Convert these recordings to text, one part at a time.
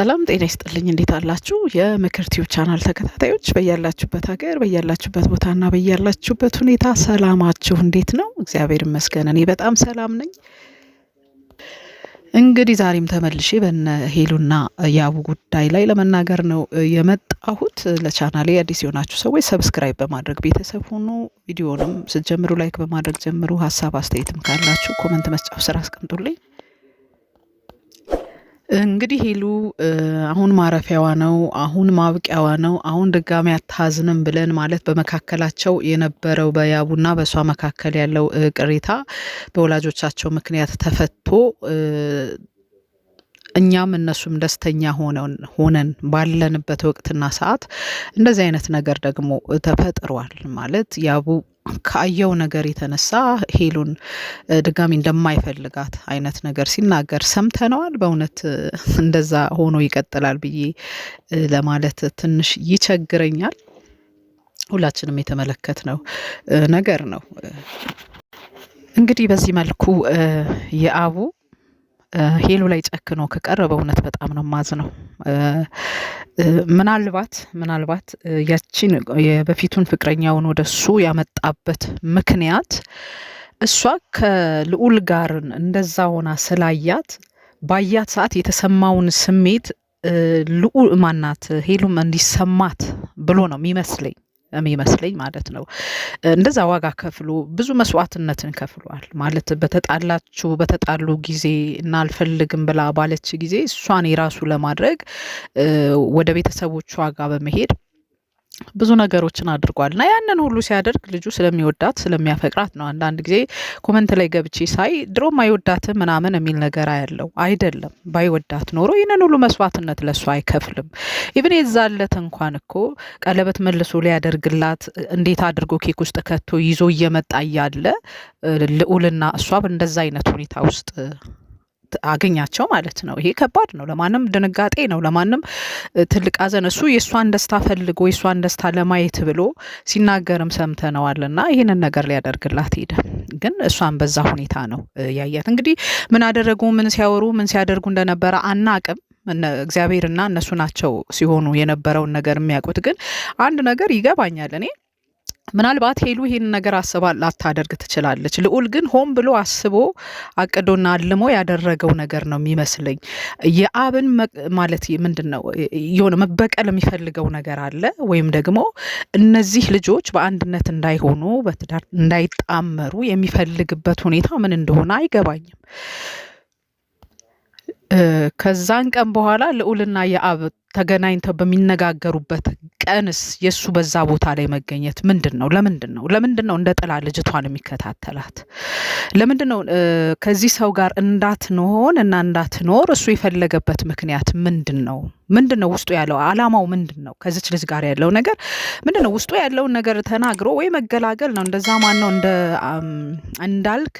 ሰላም ጤና ይስጥልኝ። እንዴት አላችሁ? የምክር ቲዩብ ቻናል ተከታታዮች በያላችሁበት ሀገር በያላችሁበት ቦታና በያላችሁበት ሁኔታ ሰላማችሁ እንዴት ነው? እግዚአብሔር ይመስገን እኔ በጣም ሰላም ነኝ። እንግዲህ ዛሬም ተመልሼ በነ ሄሉና ያቡ ጉዳይ ላይ ለመናገር ነው የመጣሁት። ለቻናሌ አዲስ የሆናችሁ ሰዎች ሰብስክራይብ በማድረግ ቤተሰብ ሁኑ። ቪዲዮንም ስትጀምሩ ላይክ በማድረግ ጀምሩ። ሀሳብ አስተያየትም ካላችሁ ኮመንት መስጫው ስራ አስቀምጡልኝ። እንግዲህ ሄሉ አሁን ማረፊያዋ ነው፣ አሁን ማብቂያዋ ነው፣ አሁን ድጋሚ አታዝንም ብለን ማለት በመካከላቸው የነበረው በያቡና በእሷ መካከል ያለው ቅሬታ በወላጆቻቸው ምክንያት ተፈቶ እኛም እነሱም ደስተኛ ሆነን ባለንበት ወቅትና ሰዓት እንደዚህ አይነት ነገር ደግሞ ተፈጥሯል። ማለት ያቡ ከአየው ነገር የተነሳ ሄሉን ድጋሚ እንደማይፈልጋት አይነት ነገር ሲናገር ሰምተነዋል። በእውነት እንደዛ ሆኖ ይቀጥላል ብዬ ለማለት ትንሽ ይቸግረኛል። ሁላችንም የተመለከትነው ነገር ነው። እንግዲህ በዚህ መልኩ የአቡ ሄሉ ላይ ጨክኖ ከቀረበ እውነት በጣም ነው ማዝ ነው። ምናልባት ምናልባት ያቺን በፊቱን ፍቅረኛውን ወደ እሱ ያመጣበት ምክንያት እሷ ከልዑል ጋር እንደዛ ሆና ስላያት ባያት ሰዓት የተሰማውን ስሜት ልዑል ማናት ሄሉም እንዲሰማት ብሎ ነው የሚመስለኝ። የሚመስለኝ ማለት ነው። እንደዛ ዋጋ ከፍሎ ብዙ መስዋዕትነትን ከፍሏል ማለት በተጣላችሁ በተጣሉ ጊዜ እና አልፈልግም ብላ ባለች ጊዜ እሷን የራሱ ለማድረግ ወደ ቤተሰቦቿ ጋር በመሄድ ብዙ ነገሮችን አድርጓል እና ያንን ሁሉ ሲያደርግ ልጁ ስለሚወዳት ስለሚያፈቅራት ነው። አንዳንድ ጊዜ ኮመንት ላይ ገብቼ ሳይ ድሮም አይወዳትም ምናምን የሚል ነገር ያለው አይደለም። ባይወዳት ኖሮ ይህንን ሁሉ መስዋዕትነት ለሱ አይከፍልም። ኢብን የዛለት እንኳን እኮ ቀለበት መልሶ ሊያደርግላት እንዴት አድርጎ ኬክ ውስጥ ከቶ ይዞ እየመጣ እያለ ልዑልና እሷ እንደዛ አይነት ሁኔታ ውስጥ አገኛቸው ማለት ነው። ይሄ ከባድ ነው። ለማንም ድንጋጤ ነው። ለማንም ትልቅ ሐዘን እሱ የእሷን ደስታ ፈልጎ የእሷን ደስታ ለማየት ብሎ ሲናገርም ሰምተነዋል እና ይህንን ነገር ሊያደርግላት ሄደ። ግን እሷን በዛ ሁኔታ ነው ያያት። እንግዲህ ምን አደረጉ፣ ምን ሲያወሩ፣ ምን ሲያደርጉ እንደነበረ አናቅም። እግዚአብሔርና እነሱ ናቸው ሲሆኑ የነበረውን ነገር የሚያውቁት። ግን አንድ ነገር ይገባኛል እኔ ምናልባት ሄሉ ይህን ነገር አስባ ላታደርግ ትችላለች። ልዑል ግን ሆን ብሎ አስቦ አቅዶና አልሞ ያደረገው ነገር ነው የሚመስለኝ። የአብን ማለት ምንድን ነው የሆነ መበቀል የሚፈልገው ነገር አለ፣ ወይም ደግሞ እነዚህ ልጆች በአንድነት እንዳይሆኑ በትዳር እንዳይጣመሩ የሚፈልግበት ሁኔታ ምን እንደሆነ አይገባኝም። ከዛን ቀን በኋላ ልዑልና የአብ ተገናኝተው በሚነጋገሩበት ቀንስ የእሱ በዛ ቦታ ላይ መገኘት ምንድን ነው? ለምንድን ነው ለምንድን ነው እንደ ጥላ ልጅቷን የሚከታተላት? ለምንድን ነው ከዚህ ሰው ጋር እንዳትሆን እና እንዳትኖር እሱ የፈለገበት ምክንያት ምንድን ነው? ምንድን ነው ውስጡ ያለው አላማው ምንድን ነው? ከዚች ልጅ ጋር ያለው ነገር ምንድን ነው? ውስጡ ያለውን ነገር ተናግሮ ወይ መገላገል ነው። እንደዛ ማን ነው እንዳልክ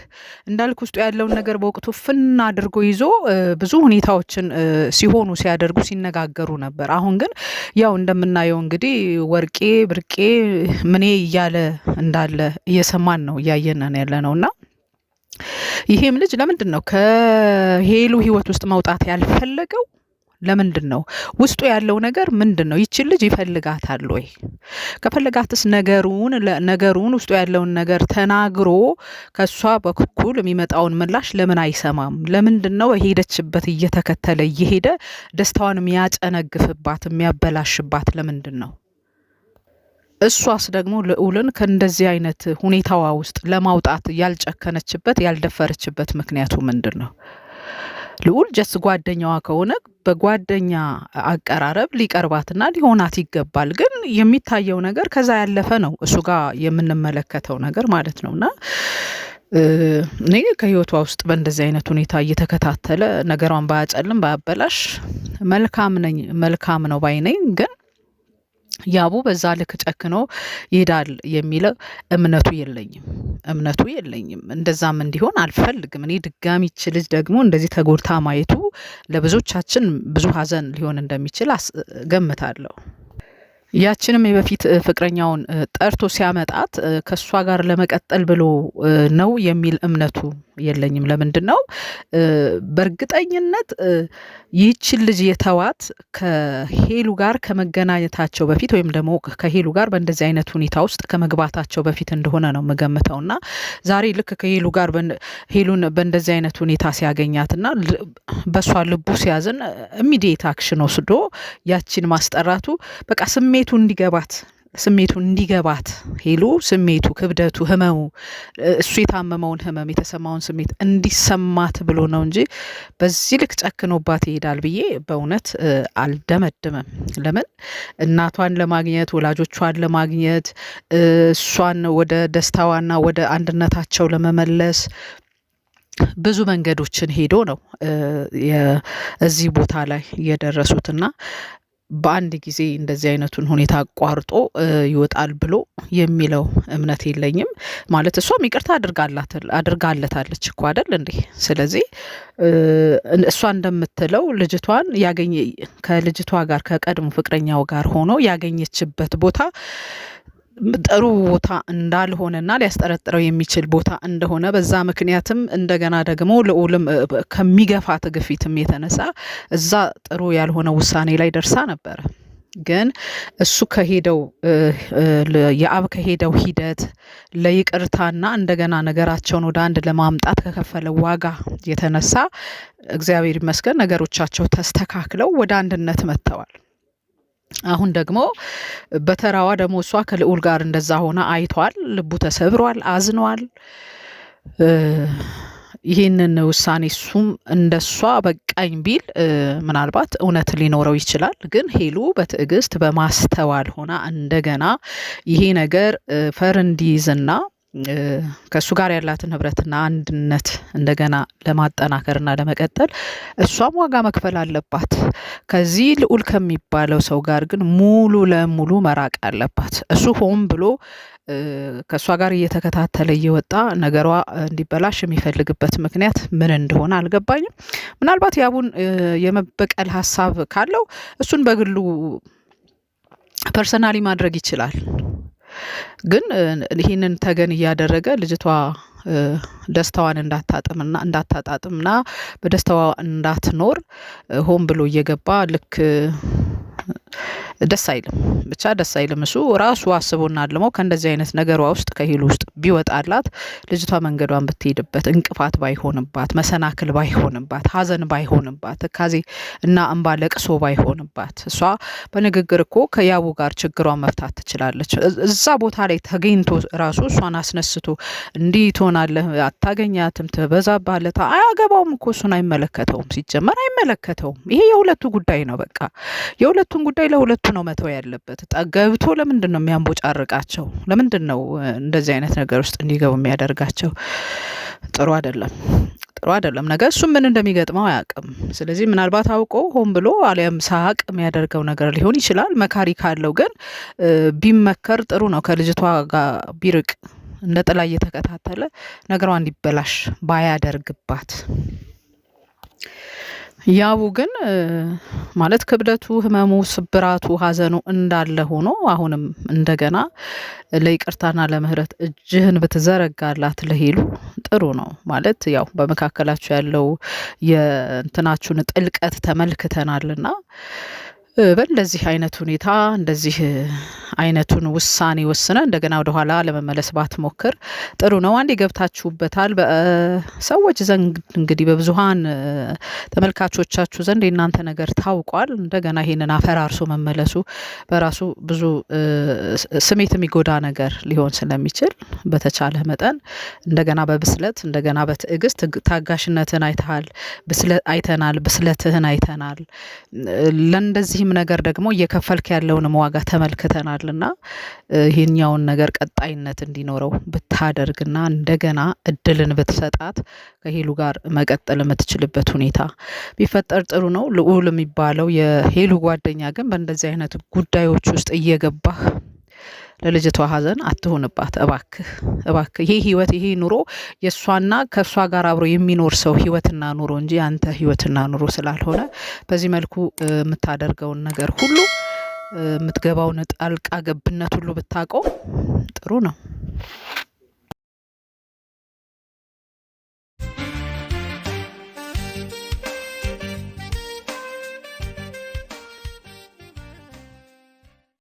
እንዳልክ ውስጡ ያለውን ነገር በወቅቱ ፍና አድርጎ ይዞ ብዙ ሁኔታዎችን ሲሆኑ ሲያደርጉ ሲነጋገሩ ነበር። አሁን ግን ያው እንደምናየው እንግዲህ ወርቄ ብርቄ ምኔ እያለ እንዳለ እየሰማን ነው እያየነን ያለ ነው እና ይሄም ልጅ ለምንድን ነው ከሄሉ ህይወት ውስጥ መውጣት ያልፈለገው? ለምንድን ነው? ውስጡ ያለው ነገር ምንድን ነው? ይችን ልጅ ይፈልጋታል ወይ? ከፈለጋትስ ነገሩን ነገሩን ውስጡ ያለውን ነገር ተናግሮ ከእሷ በኩል የሚመጣውን ምላሽ ለምን አይሰማም? ለምንድን ነው ሄደችበት እየተከተለ እየሄደ ደስታዋን የሚያጨነግፍባት የሚያበላሽባት ለምንድን ነው? እሷስ ደግሞ ልዑልን ከእንደዚህ አይነት ሁኔታዋ ውስጥ ለማውጣት ያልጨከነችበት ያልደፈረችበት ምክንያቱ ምንድን ነው? ልዑል ጀስ ጓደኛዋ ከሆነ በጓደኛ አቀራረብ ሊቀርባትና ሊሆናት ይገባል። ግን የሚታየው ነገር ከዛ ያለፈ ነው፣ እሱ ጋር የምንመለከተው ነገር ማለት ነው እና እኔ ከህይወቷ ውስጥ በእንደዚህ አይነት ሁኔታ እየተከታተለ ነገሯን ባያጨልም ባያበላሽ መልካም ነኝ መልካም ነው ባይነኝ ግን ያቡ በዛ ልክ ጨክኖ ይሄዳል የሚለው እምነቱ የለኝም፣ እምነቱ የለኝም። እንደዛም እንዲሆን አልፈልግም። እኔ ድጋሚ ይች ልጅ ደግሞ እንደዚህ ተጎድታ ማየቱ ለብዙዎቻችን ብዙ ሀዘን ሊሆን እንደሚችል ገምታለሁ። ያችንም የበፊት ፍቅረኛውን ጠርቶ ሲያመጣት ከእሷ ጋር ለመቀጠል ብሎ ነው የሚል እምነቱ የለኝም። ለምንድን ነው? በእርግጠኝነት ይህችን ልጅ የተዋት ከሄሉ ጋር ከመገናኘታቸው በፊት ወይም ደግሞ ከሄሉ ጋር በእንደዚህ አይነት ሁኔታ ውስጥ ከመግባታቸው በፊት እንደሆነ ነው እና ዛሬ ልክ ከሄሉ ጋር ሄሉን በእንደዚህ አይነት ሁኔታ ሲያገኛትና በእሷ ልቡ ሲያዝን ኢሚዲየት አክሽን ወስዶ ያችን ማስጠራቱ በቃ ስሜ ስሜቱ እንዲገባት ስሜቱ እንዲገባት ሄሉ ስሜቱ፣ ክብደቱ፣ ህመሙ እሱ የታመመውን ህመም የተሰማውን ስሜት እንዲሰማት ብሎ ነው እንጂ በዚህ ልክ ጨክኖባት ይሄዳል ብዬ በእውነት አልደመድምም። ለምን እናቷን ለማግኘት ወላጆቿን ለማግኘት እሷን ወደ ደስታዋና ወደ አንድነታቸው ለመመለስ ብዙ መንገዶችን ሄዶ ነው እዚህ ቦታ ላይ የደረሱትና በአንድ ጊዜ እንደዚህ አይነቱን ሁኔታ አቋርጦ ይወጣል ብሎ የሚለው እምነት የለኝም። ማለት እሷም ይቅርታ አድርጋለታለች እኮ አደል እንዴ? ስለዚህ እሷ እንደምትለው ልጅቷን ያገኘ ከልጅቷ ጋር ከቀድሞ ፍቅረኛው ጋር ሆኖ ያገኘችበት ቦታ ጥሩ ቦታ እንዳልሆነና ሊያስጠረጥረው የሚችል ቦታ እንደሆነ በዛ ምክንያትም እንደገና ደግሞ ልዑልም ከሚገፋት ግፊትም የተነሳ እዛ ጥሩ ያልሆነ ውሳኔ ላይ ደርሳ ነበረ። ግን እሱ ከሄደው የአብ ከሄደው ሂደት ለይቅርታና እንደገና ነገራቸውን ወደ አንድ ለማምጣት ከከፈለ ዋጋ የተነሳ እግዚአብሔር ይመስገን ነገሮቻቸው ተስተካክለው ወደ አንድነት መጥተዋል። አሁን ደግሞ በተራዋ ደግሞ እሷ ከልዑል ጋር እንደዛ ሆነ አይቷል። ልቡ ተሰብሯል፣ አዝኗል። ይህንን ውሳኔ እሱም እንደሷ በቃኝ ቢል ምናልባት እውነት ሊኖረው ይችላል። ግን ሄሉ በትዕግስት በማስተዋል ሆና እንደገና ይሄ ነገር ፈር እንዲይዝና ከእሱ ጋር ያላትን ህብረትና አንድነት እንደገና ለማጠናከርና ለመቀጠል እሷም ዋጋ መክፈል አለባት። ከዚህ ልዑል ከሚባለው ሰው ጋር ግን ሙሉ ለሙሉ መራቅ አለባት። እሱ ሆን ብሎ ከእሷ ጋር እየተከታተለ እየወጣ ነገሯ እንዲበላሽ የሚፈልግበት ምክንያት ምን እንደሆነ አልገባኝም። ምናልባት ያቡን የመበቀል ሀሳብ ካለው እሱን በግሉ ፐርሰናሊ ማድረግ ይችላል። ግን ይህንን ተገን እያደረገ ልጅቷ ደስታዋን እንዳታጥምና እንዳታጣጥምና በደስታዋ እንዳትኖር ሆን ብሎ እየገባ ልክ ደስ አይልም። ብቻ ደስ አይልም። እሱ ራሱ አስቦና አልሞ ከእንደዚህ አይነት ነገሯ ውስጥ ከሂል ውስጥ ቢወጣላት ልጅቷ መንገዷን ብትሄድበት እንቅፋት ባይሆንባት፣ መሰናክል ባይሆንባት፣ ሀዘን ባይሆንባት፣ እካዜ እና እንባ ለቅሶ ባይሆንባት፣ እሷ በንግግር እኮ ከያቡ ጋር ችግሯን መፍታት ትችላለች። እዛ ቦታ ላይ ተገኝቶ ራሱ እሷን አስነስቶ እንዲህ ትሆናለህ፣ አታገኛትም፣ ትበዛባለታ፣ አያገባውም እኮ እሱን አይመለከተውም። ሲጀመር አይመለከተውም። ይሄ የሁለቱ ጉዳይ ነው። በቃ የሁለቱን ጉዳይ ለሁለቱ ነው መተው ያለበት። ገብቶ ለምንድን ነው የሚያንቦጫርቃቸው? ለምንድን ነው እንደዚህ አይነት ነገር ውስጥ እንዲገቡ የሚያደርጋቸው? ጥሩ አይደለም፣ ጥሩ አይደለም። ነገ እሱም ምን እንደሚገጥመው አያውቅም። ስለዚህ ምናልባት አውቆ ሆን ብሎ አሊያም ሳቅ የሚያደርገው ነገር ሊሆን ይችላል። መካሪ ካለው ግን ቢመከር ጥሩ ነው። ከልጅቷ ጋር ቢርቅ እንደ ጥላ እየተከታተለ ነገሯ እንዲበላሽ ባያደርግባት ያቡ ግን ማለት ክብደቱ፣ ህመሙ፣ ስብራቱ፣ ሀዘኑ እንዳለ ሆኖ አሁንም እንደገና ለይቅርታና ለምህረት እጅህን ብትዘረጋላት ለሄሉ ጥሩ ነው። ማለት ያው በመካከላችሁ ያለው የእንትናችሁን ጥልቀት ተመልክተናልና በእንደዚህ አይነት ሁኔታ እንደዚህ አይነቱን ውሳኔ ወስነ እንደገና ወደኋላ ለመመለስ ባትሞክር ጥሩ ነው። አንድ ገብታችሁበታል በሰዎች ዘንድ እንግዲህ በብዙሀን ተመልካቾቻችሁ ዘንድ የእናንተ ነገር ታውቋል። እንደገና ይሄንን አፈራርሶ መመለሱ በራሱ ብዙ ስሜት የሚጎዳ ነገር ሊሆን ስለሚችል በተቻለ መጠን እንደገና በብስለት እንደገና በትዕግስት ታጋሽነትን አይተሃል፣ አይተናል፣ ብስለትህን አይተናል ለእንደዚህ ለዚህም ነገር ደግሞ እየከፈልክ ያለውን ዋጋ ተመልክተናል እና ይህኛውን ነገር ቀጣይነት እንዲኖረው ብታደርግና እንደገና እድልን ብትሰጣት ከሄሉ ጋር መቀጠል የምትችልበት ሁኔታ ቢፈጠር ጥሩ ነው። ልዑል የሚባለው የሄሉ ጓደኛ ግን በእንደዚህ አይነት ጉዳዮች ውስጥ እየገባህ ለልጅቷ ሀዘን አትሆንባት እባክህ እባክህ። ይሄ ህይወት ይሄ ኑሮ የእሷና ከእሷ ጋር አብሮ የሚኖር ሰው ህይወትና ኑሮ እንጂ አንተ ህይወትና ኑሮ ስላልሆነ በዚህ መልኩ የምታደርገውን ነገር ሁሉ የምትገባውን ጣልቃ ገብነት ሁሉ ብታውቀው ጥሩ ነው።